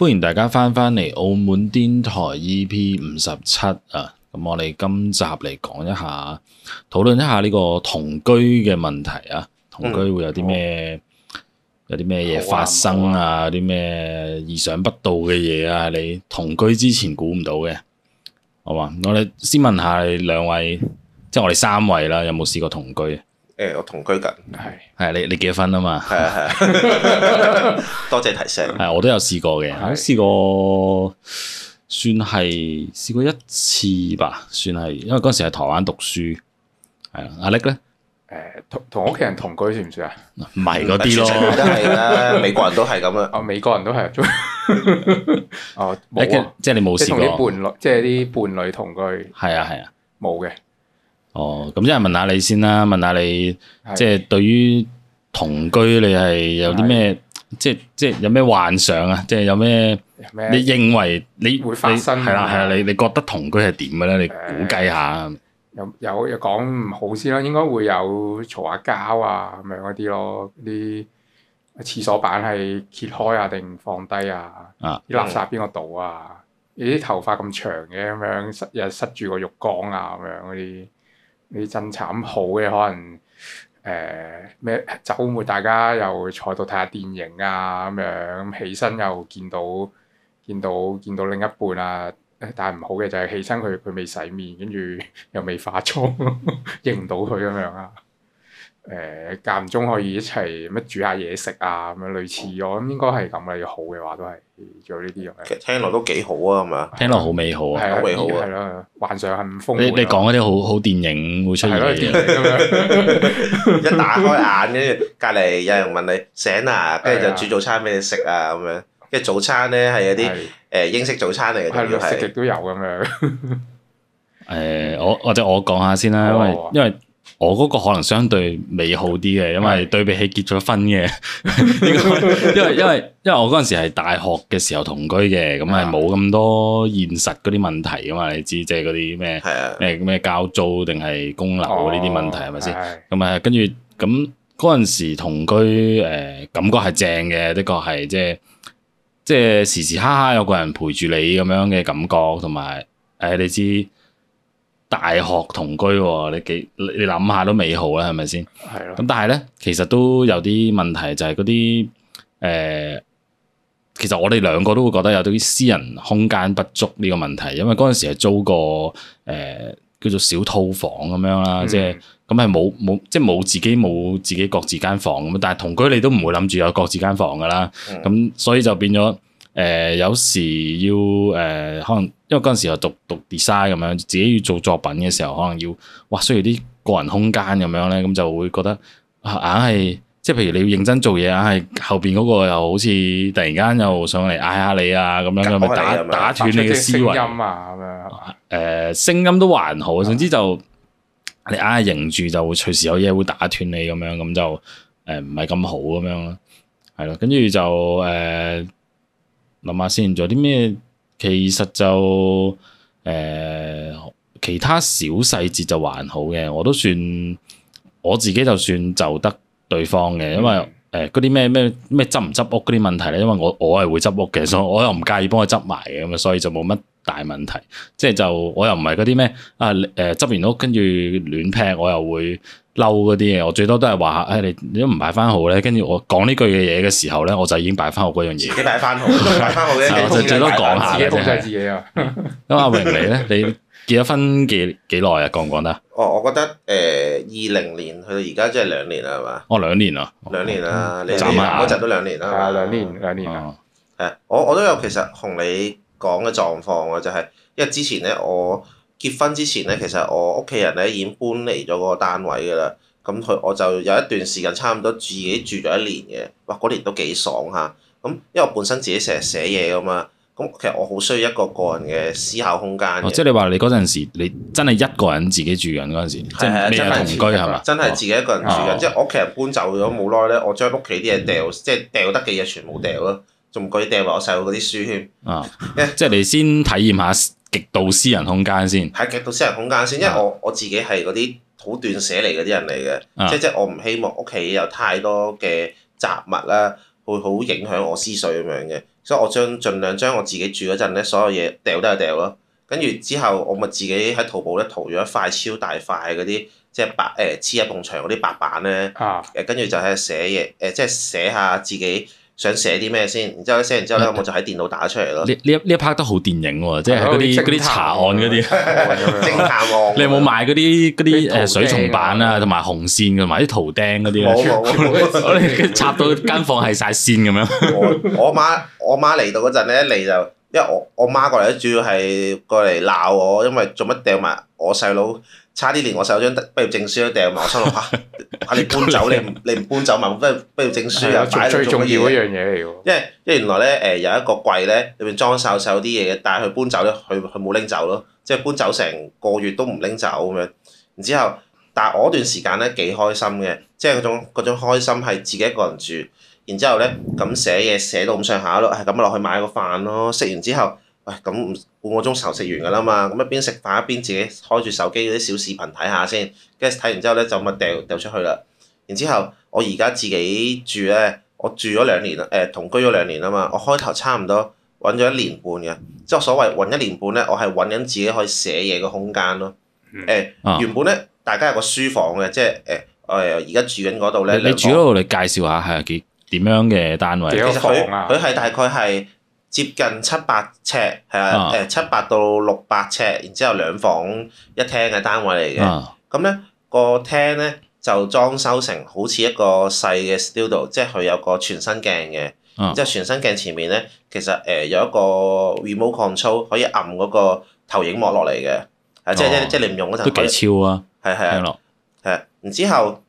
歡迎大家翻返嚟澳門癲台 EP 五十七啊，咁我哋今集嚟講一下，討論一下呢個同居嘅問題啊，同居會有啲咩、嗯、有啲咩嘢發生啊，有啲咩、啊、意想不到嘅嘢啊，你同居之前估唔到嘅，好嘛？我哋先問下你兩位，即係我哋三位啦，有冇試過同居？誒、欸，我同居緊，係係、啊、你你結婚啊嘛，係啊係啊，啊 多謝提醒。係、啊、我都有試過嘅，試過算係試過一次吧，算係，因為嗰時係台灣讀書，係啊。阿力咧，誒、呃、同同屋企人同居算唔算啊？唔係嗰啲咯，真係 美國人都係咁、 哦、啊，啊美國人都係，哦，冇即係你冇試過伴侶，即係啲伴侶同居，係啊係啊，冇嘅、啊。哦，咁一係問下你先啦，問下你的即係對於同居你係有啲咩？的，即係即係有咩幻想啊？即係有咩？你認為你會發生？係啦係啦，你你覺得同居係點嘅咧？的你估計下。有有講唔好先啦，應該會有嘈下交啊咁樣一啲咯，啲廁所板係揭開啊定放低啊？啲、啊、垃圾邊個倒啊？你啲的頭髮咁長嘅咁樣，塞又塞住個浴缸啊咁樣嗰啲。你真慘好嘅可能，誒咩週末大家又坐度睇下電影啊咁樣，起身又見到見到見到另一半啊，但係唔好嘅就係起身佢佢未洗面，跟住又未化妝， 認唔到佢咁樣啊～ 誒間唔中可以一齊乜煮下嘢食啊咁樣類似，我諗應該係咁啦。要好嘅話都係做呢啲嘢。其實聽落都幾好啊，咁樣。聽落好美好啊，係好美好啊。係咯，幻想係唔豐富。你你講嗰啲好好電影會出現嘅。一打開眼，跟住隔離有人問你醒啊，跟住就煮早餐俾你食啊咁樣。跟住早餐咧係有啲誒英式早餐嚟嘅，食極都有咁樣。誒我或者我講下先啦，因為因為。我嗰個可能相對美好啲嘅，因為對比起結咗婚嘅，因為因為因為我嗰陣時係大學嘅時候同居嘅，咁係冇咁多現實嗰啲問題啊嘛，你知即係嗰啲咩咩咩交租定係供樓呢啲問題係咪先？咁啊、哦，跟住咁嗰陣時同居誒、呃，感覺係正嘅，的確係即係即係時時刻刻有個人陪住你咁樣嘅感覺，同埋誒，你知。大學同居喎，你幾你你諗下都美好啦，係咪先？係咯。咁但係咧，其實都有啲問題就，就係嗰啲誒，其實我哋兩個都會覺得有啲私人空間不足呢個問題，因為嗰陣時係租個誒、呃、叫做小套房咁樣啦、嗯，即係咁係冇冇即係冇自己冇自己各自間房咁，但係同居你都唔會諗住有各自間房㗎啦，咁、嗯、所以就變咗。誒，有時要誒，可能因為嗰陣時候讀讀 design 咁樣，自己要做作品嘅時候，可能要哇，需要啲個人空間咁樣咧，咁就會覺得硬係，即係譬如你要認真做嘢，硬係後邊嗰個又好似突然間又上嚟嗌下你啊，咁樣咁咪打打斷你嘅思維啊咁樣。誒，聲音都還好，總之就你硬係凝住，就隨時有嘢會打斷你咁樣，咁就誒唔係咁好咁樣咯，係咯，跟住就誒。諗下先，仲有啲咩？其實就誒、呃、其他小細節就還好嘅，我都算我自己，就算就得對方嘅，因為誒嗰啲咩咩咩執唔執屋嗰啲問題咧，因為我我係會執屋嘅，所以我又唔介意幫佢執埋嘅，咁啊所以就冇乜大問題，即係就我又唔係嗰啲咩啊誒執完屋跟住亂劈，我又會嬲嗰啲嘢。我最多都係話誒你你都唔擺翻好咧。跟住我講呢句嘅嘢嘅時候咧，我就已經擺翻好嗰樣嘢。擺翻好？擺翻好咧。就最多講下自己控制自己啊！咁阿榮你咧，你結咗婚幾幾耐啊？講講得。我我覺得誒二零年去到而家即係兩年啦，係嘛？哦，兩年啊！兩年啦，你我就都兩年啦。係兩年兩年啊！我我都有其實同你。講嘅狀況啊、就是，就係因為之前咧，我結婚之前咧，其實我屋企人咧已經搬嚟咗嗰個單位㗎啦。咁佢我就有一段時間差唔多自己住咗一年嘅，哇！嗰年都幾爽吓。咁因為我本身自己成日寫嘢㗎嘛，咁其實我好需要一個個人嘅思考空間、哦。即係你話你嗰陣時，你真係一個人自己住緊嗰陣時，即係咩同居係嘛？真係自己一個人住緊，哦哦、即係我屋企人搬走咗冇耐咧，我將屋企啲嘢掉，即係掉得嘅嘢全部掉咯。仲唔怪掟埋我細佬嗰啲書添，誒、啊，yeah, 即係你先體驗下極度私人空間先，係極度私人空間先，嗯、因為我我自己係嗰啲好斷捨離嗰啲人嚟嘅。啊、即即我唔希望屋企有太多嘅雜物啦、啊，會好影響我思緒咁樣嘅，所以我將盡量將我自己住嗰陣咧所有嘢掉都係掉咯，跟住之後我咪自己喺淘寶咧淘咗塊超大塊嗰啲即係白誒黐、呃、一埲牆嗰啲白板咧，跟住、啊嗯、就喺度寫嘢，誒即係寫下自己。想寫啲咩先？然之後寫完之後咧，我就喺電腦打出嚟咯。呢呢呢一 part 都好電影喎、啊，即係嗰啲啲查案嗰啲偵探案。 你有冇買嗰啲啲誒水松板啊，同埋紅線同埋啲圖釘嗰啲咧？我我我哋插到間房係晒線咁樣。我媽我媽嚟到嗰陣咧，一嚟就，因為我我媽過嚟咧，主要係過嚟鬧我，因為做乜掟埋我細佬。差啲連我手張畢業證書都掟埋， 我心諗嚇，你搬走 你唔你唔搬走咪畢畢業證書啊！擺 最重要一樣嘢嚟喎，因為因為原來咧誒、呃、有一個櫃咧，裏邊裝晒手啲嘢嘅，但係佢搬走咧，佢佢冇拎走咯，即係搬走成個月都唔拎走咁樣。然之後，但係我嗰段時間咧幾開心嘅，即係嗰種嗰種開心係自己一個人住。然之後咧咁寫嘢寫到咁上下咯，係咁落去買個飯咯，食完之後。咁唔半個鐘頭食完㗎啦嘛，咁一邊食飯一邊自己開住手機嗰啲小視頻睇下先，跟住睇完之後咧就咁掉掉出去啦。然之後我而家自己住咧，我住咗兩年啦，誒、呃、同居咗兩年啊嘛。我開頭差唔多揾咗一年半嘅，即係所謂揾一年半咧，我係揾緊自己可以寫嘢嘅空間咯。誒、呃，原本咧、啊、大家有個書房嘅，即係誒誒而家住緊嗰度咧。你，房你住嗰度你介紹下係幾點樣嘅單位？啊、幾多房？其實佢係大概係。接近七百尺，係啊，誒七百到六百尺，然之後兩房一廳嘅單位嚟嘅，咁咧、啊嗯嗰個廳咧就裝修成好似一個細嘅 studio，即係佢有個全身鏡嘅，啊、即係全身鏡前面咧其實誒有一個 remote control 可以按嗰個投影幕落嚟嘅，啊即即即你唔用嗰陣，都幾超啊，係係來啊，係啊，啊然之後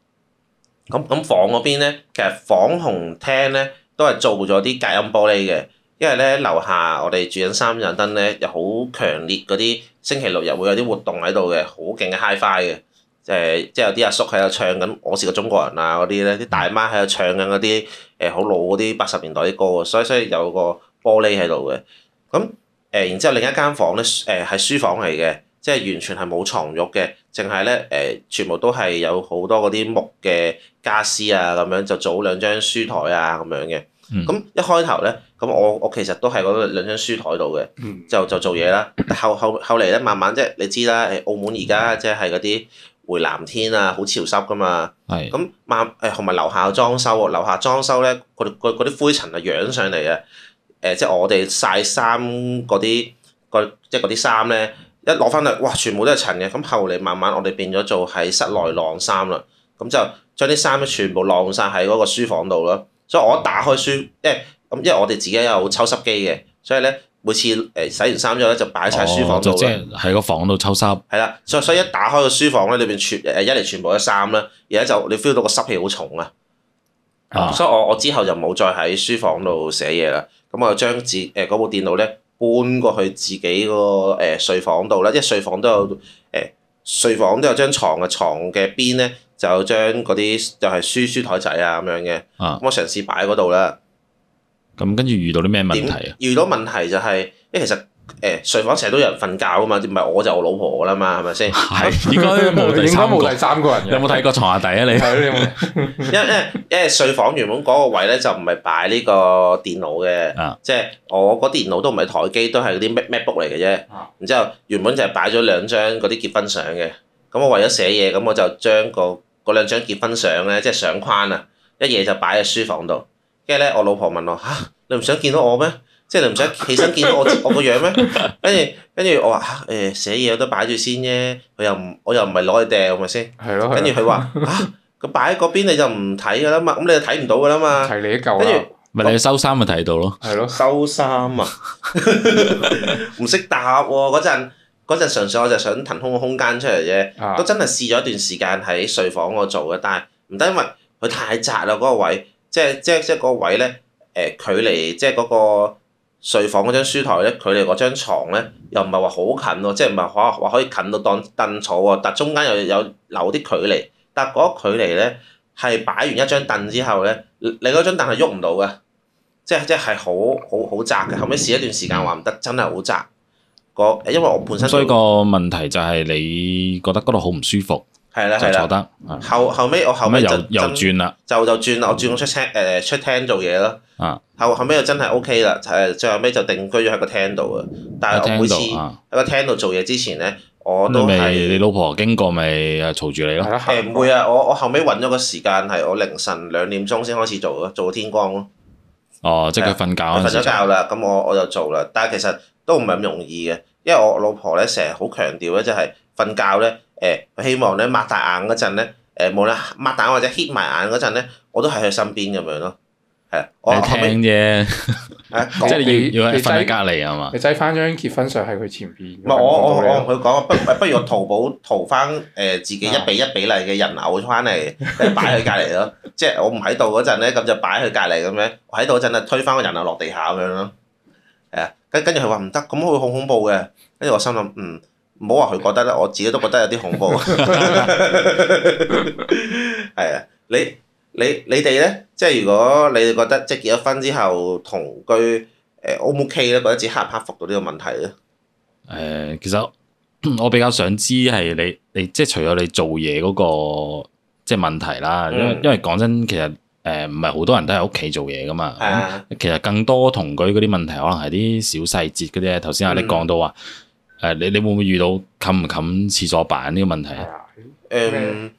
咁咁房嗰邊咧，其實房同廳咧都係做咗啲隔音玻璃嘅。因為咧樓下我哋住緊三盞燈咧，又好強烈嗰啲，星期六日會有啲活動喺度嘅，好勁嘅 hi-fi 嘅，即係有啲阿叔喺度唱緊《我是個中國人》啊嗰啲咧，啲大媽喺度唱緊嗰啲誒好老嗰啲八十年代啲歌，所以所以有個玻璃喺度嘅，咁誒、呃，然之後另一間房咧誒係書房嚟嘅，即係完全係冇床褥嘅，淨係咧誒，全部都係有好多嗰啲木嘅傢俬啊咁樣，就組兩張書台啊咁樣嘅。咁一開頭咧，咁我我其實都係嗰兩張書枱度嘅，就、嗯、就做嘢啦。但後後後嚟咧，慢慢即係你知啦。誒，澳門而家即係嗰啲回南天啊，好潮濕噶嘛。係是的。咁慢誒，同埋樓下裝修，樓下裝修咧，嗰啲灰塵啊，揚上嚟啊。誒，即係我哋曬衫嗰啲，即係嗰啲衫咧，一攞翻嚟，哇，全部都係塵嘅。咁後嚟慢慢，我哋變咗做喺室內晾衫啦。咁就將啲衫咧全部晾晒喺嗰個書房度咯。所以我一打開書，因為咁，因為我哋自己有抽濕機嘅，所以咧每次誒洗完衫咗咧就擺晒書房度，即係喺個房度抽濕。係啦，所以所以一打開個書房咧，裏邊全誒一嚟全部都係衫啦，而家就你 feel 到個濕氣好重啊。所以我我之後就冇再喺書房度寫嘢啦。咁我就將自誒部電腦咧搬過去自己個誒睡房度啦，因為睡房都有誒睡房都有張床嘅床嘅邊咧。就將嗰啲又係書書枱仔啊咁樣嘅，咁我嘗試擺喺嗰度咧。咁跟住遇到啲咩問題啊？遇到問題就係，誒其實誒睡房成日都有人瞓覺噶嘛，唔係我就我老婆啦嘛，係咪先？係，應該冇第三個人。有冇睇過牀下底啊？你？因為因為因為睡房原本嗰個位咧就唔係擺呢個電腦嘅，即係我嗰啲電腦都唔係台機，都係嗰啲 Mac Macbook 嚟嘅啫。然之後原本就係擺咗兩張嗰啲結婚相嘅，咁我為咗寫嘢，咁我就將個。嗰兩張結婚相咧，即係相框啊，一嘢就擺喺書房度。跟住咧，我老婆問我嚇、 啊，你唔想見到我咩？即係你唔想起身見到我我個樣咩？跟住跟住我話嚇，誒寫嘢都擺住先啫。佢又唔，我又唔係攞去掟，係咪先？係、啊、咯。跟住佢話嚇，佢擺喺嗰邊你就唔睇噶啦嘛，咁、嗯、你就睇唔到噶啦嘛。睇后你一嚿。跟住，咪你收衫咪睇到咯。係咯。收衫啊！唔識答喎嗰陣。嗰陣純粹我就想騰空個空間出嚟啫，啊、都真係試咗一段時間喺睡房嗰度做嘅，但係唔得，因為佢太窄啦嗰、嗰個位，即係即係即係嗰個位咧，誒、呃、距離即係嗰個睡房嗰張書台咧，距離嗰張牀咧又唔係話好近喎，即係唔係話話可以近到當凳坐喎，但中間又有，有留啲距離，但係嗰距離咧係擺完一張凳之後咧，你嗰張凳係喐唔到嘅，即係即係好好好窄嘅，後尾試一段時間話唔得，真係好窄。因為我本身，所以個問題就係你覺得嗰度好唔舒服，就坐得。後後尾我後尾就又轉啦，就就轉啦，我轉咗出廳，誒，出廳做嘢咯。後後尾就真係 OK 啦，誒，最後尾就定居咗喺個廳度啊。但係我每次喺個廳度做嘢之前咧，我都未。你老婆經過咪嘈住你咯？誒，唔會啊，我我後尾揾咗個時間係我凌晨兩點鐘先開始做咯，做到天光咯。哦，即係佢瞓覺嗰陣時瞓咗覺啦，咁我我就做啦，但係其實。都唔係咁容易嘅，因為我老婆咧，成日好強調咧，就係、是、瞓覺咧，誒、欸、希望咧擘大眼嗰陣咧，誒、欸、無論擘大眼或者 hit 埋眼嗰陣咧，我都喺佢身邊咁樣咯。係我聽啫，啊、即係要要瞓喺隔離係嘛？你擠翻想想張結婚相喺佢前邊。唔係，我我我同佢講，不 不如我淘寶淘翻誒自己一比一比例嘅人偶翻嚟，擺佢隔離咯。即係 我唔喺度嗰陣咧，咁就擺佢隔離咁樣，喺度嗰陣啊推翻個人偶落地下咁樣咯。跟住佢話唔得，咁佢好恐怖嘅。跟住我心諗，嗯，唔好話佢覺得啦，我自己都覺得有啲恐怖。係 啊， 你你你哋咧，即係如果你覺得即係結咗婚之後同居，誒 O 唔 OK 咧？覺得自己克唔克服到呢個問題咧？誒，其實我比較想知係你你即係除咗你做嘢嗰個即係問題啦，嗯、因為因為講真其實。誒，唔係好多人都喺屋企做嘢噶嘛、啊嗯，其實更多同居嗰啲問題可能係啲小細節嗰啲啊。頭先阿力講到話，誒、嗯呃、你你會唔會遇到冚唔冚廁所板呢個問題啊？誒、嗯，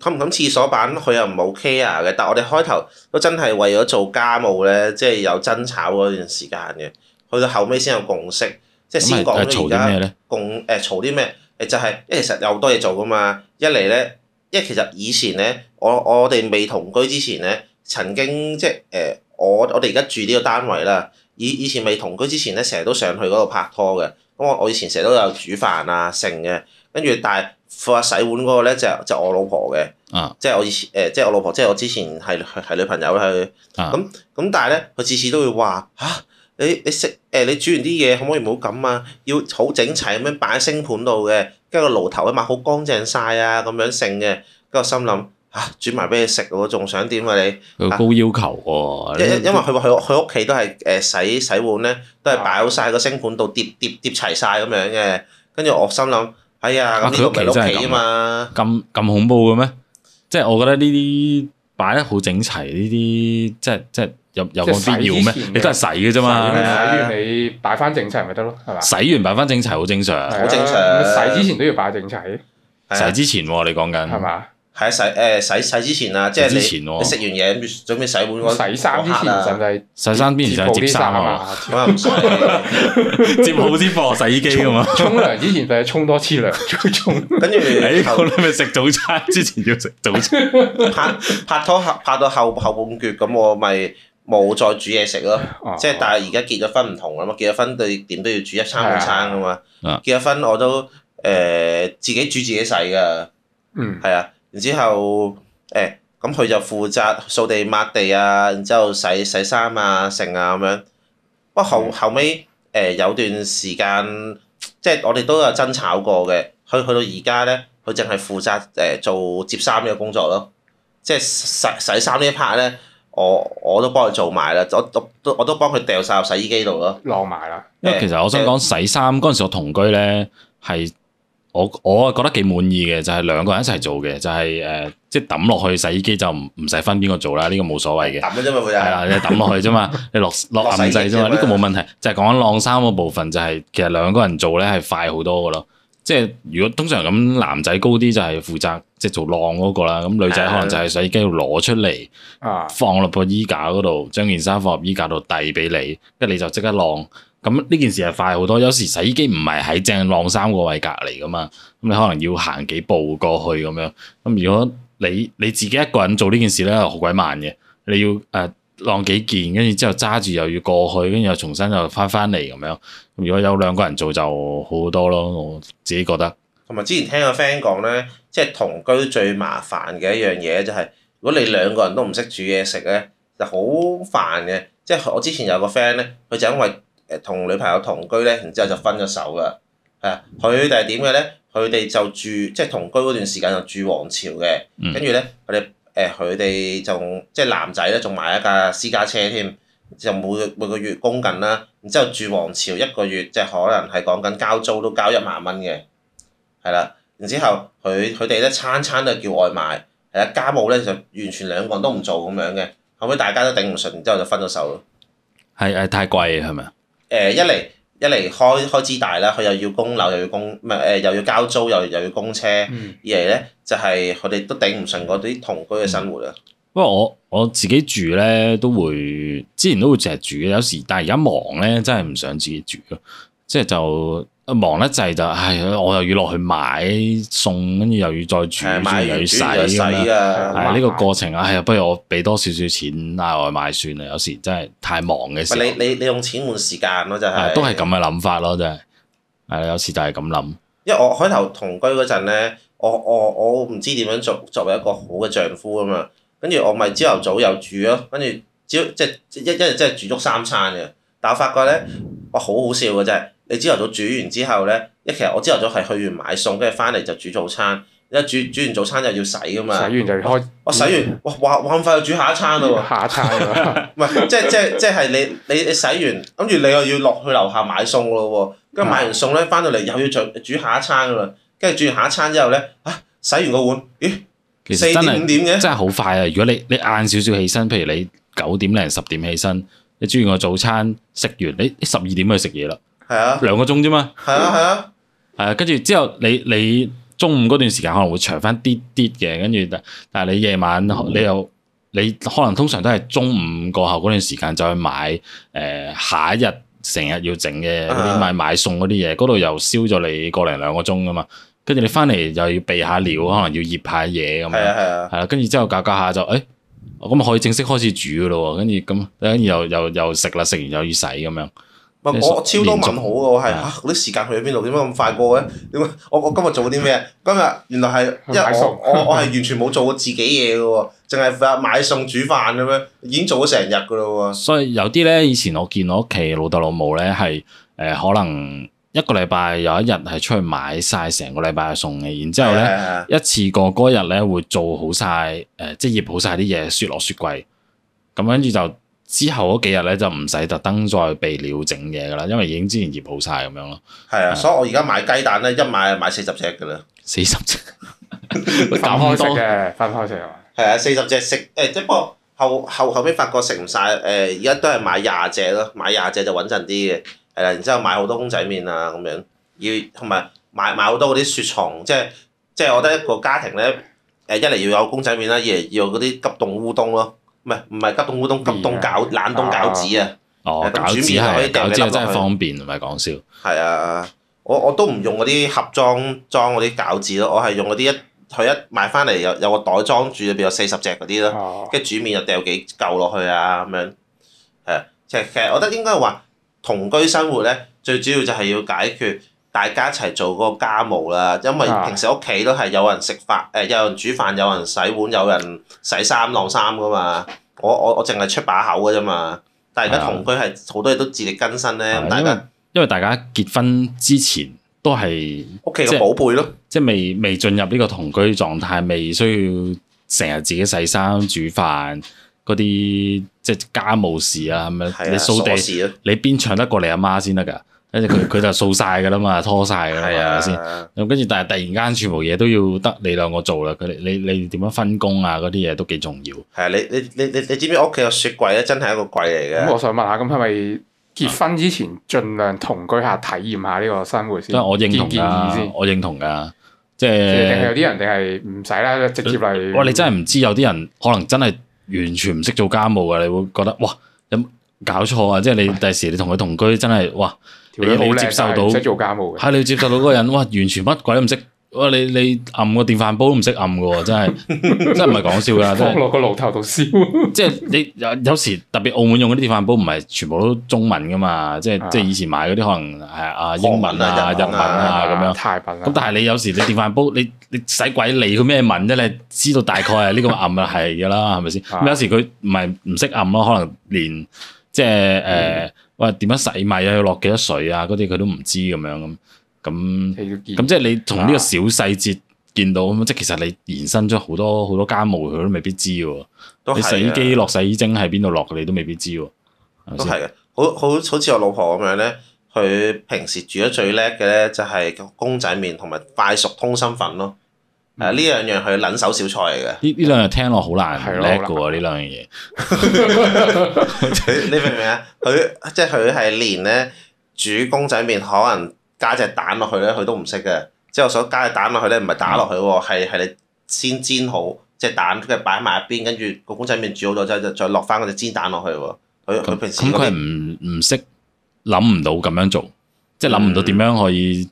冚唔冚廁所板佢又唔 OK 啊嘅，但係我哋開頭都真係為咗做家務咧，即係有爭吵嗰段時間嘅，去到後尾先有共識，即係先講咗而家共誒嘈啲咩？誒、呃、就係、是，因為其實有好多嘢做噶嘛，一嚟咧，因為其實以前咧。我我哋未同居之前咧，曾經即係誒、呃，我我哋而家住呢個單位啦。以以前未同居之前咧，成日都上去嗰度拍拖嘅。咁我我以前成日都有煮飯啊剩嘅，跟住但係、啊、洗碗嗰個咧就係、就係、我老婆嘅，啊、即係我以前誒、呃，即係我老婆，即係我之前係係女朋友佢咁咁但係咧，佢次次都會話嚇、啊，你你食誒、呃、你煮完啲嘢可唔可以唔好咁啊？要好整齊咁樣擺喺星盆度嘅，跟住個爐頭吖嘛，好乾淨晒啊咁樣剩嘅，跟住我心諗。啊！煮埋俾你食喎，仲想點啊你？佢高要求喎、啊，因、啊、因為佢佢佢屋企都係誒、呃、洗洗碗咧，都係擺好晒個星盆度疊疊疊齊晒咁樣嘅。跟住我心諗，哎呀，佢屋企屋企啊嘛，咁咁恐怖嘅咩？即係我覺得呢啲擺得好整齊，呢啲即係即係有有冇必要咩？你都係洗嘅啫嘛洗，洗完你擺翻整齊咪得咯，係嘛？洗完擺翻整齊好正常，好正常。洗之前都要擺整齊，啊啊、洗之前我哋講緊係嘛？你係洗誒洗洗之前啊，即係你食完嘢，準備洗碗洗衫之前，洗衫之前就摺衫啊，摺好啲貨洗衣機咁嘛。沖涼之前就係沖多次涼再沖，跟住誒，你咪食早餐之前要食早餐。拍拍拖拍到後後半橛，咁我咪冇再煮嘢食咯。即係但係而家結咗婚唔同啦嘛，結咗婚對點都要煮一餐兩餐㗎嘛。結咗婚我都誒自己煮自己洗㗎，嗯，係啊。然之後，誒咁佢就負責掃地抹地啊，然之後洗洗衫啊、剩啊咁樣。不過後的後尾誒、呃、有段時間，即係我哋都有爭吵過嘅。佢去到而家咧，佢淨係負責誒、呃、做摺衫嘅工作咯。即係洗洗衫呢一 part 咧，我我都幫佢做埋啦，我都幫我，我都幫佢掉晒入洗衣機度咯。晾埋啦。因為其實我想講洗衫嗰陣時，我同居咧係。我我覺得幾滿意嘅，就係、是、兩個人一齊做嘅，就係、是、誒，即係抌落去洗衣機就唔唔使分邊個做啦，呢個冇所謂嘅。抌嘅係啊，你抌落去啫嘛， 你落落壓製啫嘛，呢個冇問題。就係講緊晾衫嗰部分，就係、是、其實兩個人做咧係快好多噶咯。即、就、係、是、如果通常咁男仔高啲，就係負責即係做晾嗰、那個啦。咁女仔可能就喺洗衣機要攞出嚟，啊、放落個衣架嗰度，將件衫放入衣架度遞俾你，跟住你就即刻晾。咁呢件事係快好多，有時洗衣機唔係喺正晾衫個位隔離噶嘛，咁你可能要行幾步過去咁樣。咁如果你你自己一個人做呢件事咧，好鬼慢嘅。你要誒晾啊幾件，跟住之後揸住又要過去，跟住又重新又翻翻嚟咁樣。咁如果有兩個人做就好多咯，我自己覺得。同埋之前聽個 friend 講咧，即係同居最麻煩嘅一樣嘢就係，如果你兩個人都唔識煮嘢食咧，就好煩嘅。即係我之前有個 friend 咧，佢就因為誒同女朋友同居咧，然之後就分咗手噶。係啊，佢哋點嘅咧？佢哋就住即係、就是、同居嗰段時間就住皇朝嘅，跟住咧佢哋誒佢哋仲即係男仔咧，仲買一架私家車添，就每每個月供緊啦。然之後住皇朝一個月即係可能係講緊交租都交一萬蚊嘅，係啦。然之後佢佢哋咧餐餐都叫外賣，係啊，家務咧就完全兩個人都唔做咁樣嘅。後尾大家都頂唔順，然之後就分咗手咯。係係太貴係咪啊？誒、呃、一嚟一嚟開開支大啦，佢又要供樓又要供，唔係誒又要交租又又要供車。二嚟咧就係佢哋都頂唔順嗰啲同居嘅生活啦、嗯。不過我我自己住咧都會，之前都會成日住嘅，有時但係而家忙咧真係唔想自己住咯，即係就。忙得滯就係、是哎，我又要落去買餸，跟住又要再煮，煮煮又要洗咁啦。呢個過程啊、嗯，不如我俾多少少錢拉外賣算啦。有時真係太忙嘅時候。你你你用錢換時間咯，就係、是。都係咁嘅諗法咯，真係。係有時就係咁諗。因為我開頭同居嗰陣咧，我我我唔知點樣作作為一個好嘅丈夫啊嘛。跟住我咪朝頭早又煮咯，跟住朝即係一一日即係煮足三餐嘅。但我發覺咧，我好好笑嘅真係。你朝頭早煮完之後咧，一其實我朝頭早係去完買餸，跟住翻嚟就煮早餐。一煮煮完早餐就要洗噶嘛，洗完就要開。我洗完，哇哇咁快就煮下一餐嘞喎！下一餐，唔係即係即係即係，你你你洗完，諗住你又要落去樓下買餸咯喎。跟住買完餸咧，翻到嚟又要煮下一餐噶啦。跟住煮完下一餐之後咧，啊洗完個碗，咦，四點五點嘅真係好快啊！如果你你晏少少起身，譬如你九點零十點起身，你煮完個早餐，食完你十二點去食嘢啦。係啊，兩個鐘啫嘛。係啊，係啊。係啊，跟住之後，你你中午嗰段時間可能會長翻啲啲嘅，跟住但但係你夜晚你又你可能通常都係中午過後嗰段時間就去買誒下一日成日要整嘅買買餸嗰啲嘢，嗰度又燒咗你個零兩個鐘噶嘛。跟住你翻嚟又要備下料，可能要醃下嘢咁樣。係啊，跟住之後搞搞下就誒，我咁咪可以正式開始煮噶咯。跟住咁，跟住又又又食啦，食完又要洗咁樣。我超多問號嘅，我係嚇，啲、啊、時間去咗邊度？點解咁快過嘅？點解我我今日做咗啲咩？ 今日原來係因為我 我我係完全冇做過自己嘢嘅喎，淨係負責買餸煮飯咁樣，已經做咗成日嘅咯喎。所以有啲咧，以前我見我屋企老豆老母咧，係、呃、誒可能一個禮拜有一日係出去買晒成個禮拜嘅餸嘅，然之後咧的一次過嗰、那個、日咧會做好晒，誒即係熱好晒啲嘢，雪落雪櫃，咁跟住就。之後嗰幾日咧就唔使特登再備料整嘢噶啦，因為已經之前醃好晒咁樣咯。係啊，的所以我而家買雞蛋咧，一買就買四十隻噶啦，四十隻咁開食嘅，發唔開食啊？係啊， 四十隻食誒，即係不過後後後尾發覺食唔晒。誒、欸，而家都係買廿隻咯，買廿隻就穩陣啲嘅係啦。然之後買好多公仔麵啊咁樣，要同埋買買好多嗰啲雪蟲，即係即係我覺得一個家庭咧誒，一嚟要有公仔麵啦，二嚟要有嗰啲急凍烏冬咯。唔係唔係急凍烏冬，急凍餃冷凍餃子啊！哦、哦、嗯，餃子、餃子真係方便，唔係講笑。係啊，我我都唔用嗰啲盒裝裝嗰啲餃子咯，我係用嗰啲一佢一買翻嚟有有個袋裝住，入邊有四十隻嗰啲咯，跟住、哦、煮麵又掉幾嚿落去啊咁樣，係、啊，其實其實我覺得應該話同居生活咧，最主要就係要解決。大家一齊做嗰個家務啦，因為平時屋企都係有人食飯，誒、呃、有人煮飯，有人洗碗，有人洗衫晾衫㗎嘛。我我我淨係出把口㗎啫嘛。但係而家同居係好多嘢都自力更生咧的家。因為大家結婚之前都係屋企嘅寶貝咯、就是，即係未未進入呢個同居狀態，未需要成日自己洗衫煮飯嗰啲即係家務事啊，係咪的？你掃地，你邊搶得過你阿媽先得㗎？跟住佢佢就掃晒噶啦嘛，拖晒噶啦嘛，係咪先？咁跟住，但係突然間全部嘢都要得你兩個做啦。佢哋你你點樣分工啊？嗰啲嘢都幾重要。係啊，你你你你你知唔知屋企個雪櫃咧、啊，真係一個櫃嚟嘅。咁我想問下，咁係咪結婚之前盡 量同居下體驗下呢個生活先？我認同噶，我認同噶，即係。定係有啲人哋係唔使啦，直接嚟。哇！你真係唔知有啲人可能真係完全唔識做家務啊！你會覺得哇，有搞錯啊、就是！即係你第時你同佢同居真，真係哇～哇哇哇哇、嗯哇你要好接受到，唔使做家務嘅。係你要接受到嗰個人，哇！完全乜鬼都唔識。哇！你你按個電飯煲都唔識按㗎喎，真係真係唔係講笑㗎。放落個爐頭度燒。即係你有有時特別澳門用嗰啲電飯煲，唔係全部都中文㗎嘛。即係即係以前買嗰啲可能係啊英文啊、日文啊咁樣。泰文。咁但係你有時你電飯煲，你你使鬼理佢咩文啫？你知道大概係呢個按係㗎啦，係咪先？有時佢唔係唔識按咯，可能連即係誒。喂，點樣洗米啊？要落幾多水啊？嗰啲佢都唔知咁樣咁咁咁，見即係你從呢個小細節見到咁，啊、即係其實你延伸咗好多好多家務，佢都未必知喎。你洗衣機落洗衣精喺邊度落，你都未必知喎。都係嘅吧，好好好似我老婆咁樣咧，佢平時煮得最叻嘅咧，就係公仔麵同埋快熟通心粉咯。誒、呢、啊、兩樣係撚手小菜嚟嘅。呢呢 兩樣聽落好難叻嘅呢兩樣嘢。你明唔明啊？佢即係佢係連咧煮公仔麵，可能加隻蛋落去咧，佢都唔識嘅。即係我想加隻蛋落去咧，唔係打落去喎，係係你先煎好隻蛋，跟住擺埋一邊，跟住個公仔麵煮好咗，之後就再落翻嗰隻煎蛋落去喎。佢佢、嗯、平時咁佢唔唔識諗唔到咁樣做，即係諗唔到點樣可以。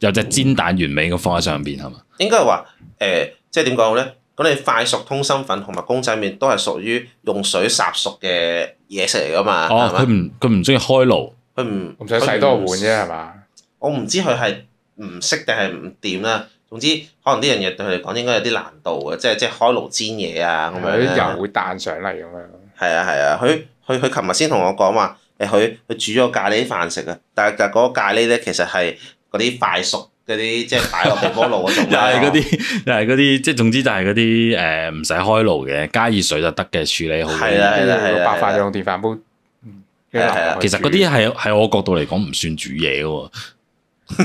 有隻煎蛋完美嘅放喺上邊，係嘛？應該話誒，即係點講咧？咁你快熟通心粉同埋公仔麵都係屬於用水烚熟嘅嘢食嚟噶嘛？哦，佢唔佢唔中意開爐，佢唔唔使洗多碗啫係嘛？我唔知佢係唔識定係唔掂啦。總之可能呢樣嘢對佢嚟講應該有啲難度嘅，即係即係開爐煎嘢啊咁樣油會彈上嚟咁樣。係啊係啊，佢佢佢琴日先同我講話誒，佢佢煮咗咖喱飯食啊，但係就嗰咖喱咧，其實係。嗰啲快熟，嗰啲，即係擺落微波爐嗰種又係嗰啲，又係嗰啲，即係 總之就係嗰啲誒，唔使開爐嘅，加熱水就得嘅處理。好。係啦，白飯用電飯煲。其實嗰啲係喺我角度嚟講唔算煮嘢噶，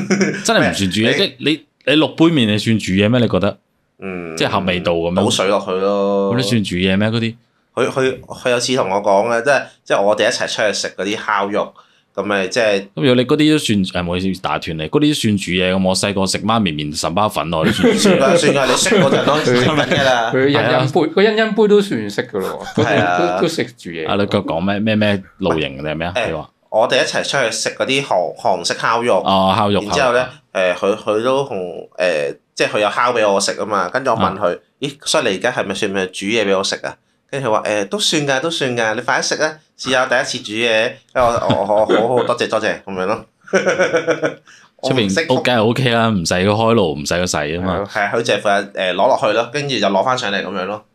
真係唔算煮嘢。即係 你你落杯麵，你算煮嘢咩？你覺得？嗯，即係合味道咁樣。倒水落去咯。嗰啲算煮嘢咩？嗰啲？佢佢佢有次同我講嘅，即係即係我哋一齊出去食嗰啲烤肉。咁咪即係，咁如果你嗰啲都算，誒，唔好意思打斷你，嗰啲都算煮嘢。咁我細個食媽咪麵十包粉咯，算算你識嗰陣攞神粉嘅啦。佢殷殷杯，佢殷殷杯都算識嘅咯喎，啊，都識煮嘢。啊，你講講咩咩咩露營定係咩啊？我哋一齊出去食嗰啲韓韓式烤肉，烤肉。然之後咧，誒，佢佢都同誒，即係佢有烤俾我食啊嘛。跟住我問佢，咦，所以你而家係咪算唔算煮嘢俾我食啊？跟住佢話，誒，都算㗎，都算㗎，你快啲食啊！試下第一次煮嘢，跟住我我好好多謝多謝咁樣咯。我唔識，屋梗係 O K 啦，唔使佢開爐，唔使佢洗啊嘛。係啊、嗯，佢借、呃、就誒攞落去咯，跟住就攞翻上嚟咁樣咯。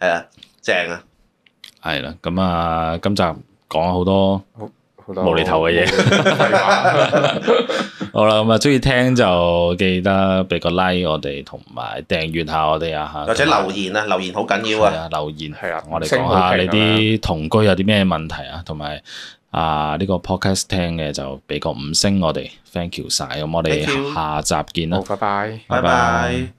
係啊，正啊。係啦，咁啊、呃，今集講咗好多。好無厘頭嘅嘢， 吧 好啦，咁啊，中意聽就記得俾個 like，我哋同埋訂閱下我哋啊，或者留言啊，留言好緊要啊，啊，留言係啦，啊，我哋講下你啲同居有啲咩問題啊，同埋啊呢個 podcast 聽嘅就俾個五星我哋 ，thank you 晒，咁我哋下集見啦，拜拜，拜拜。拜拜。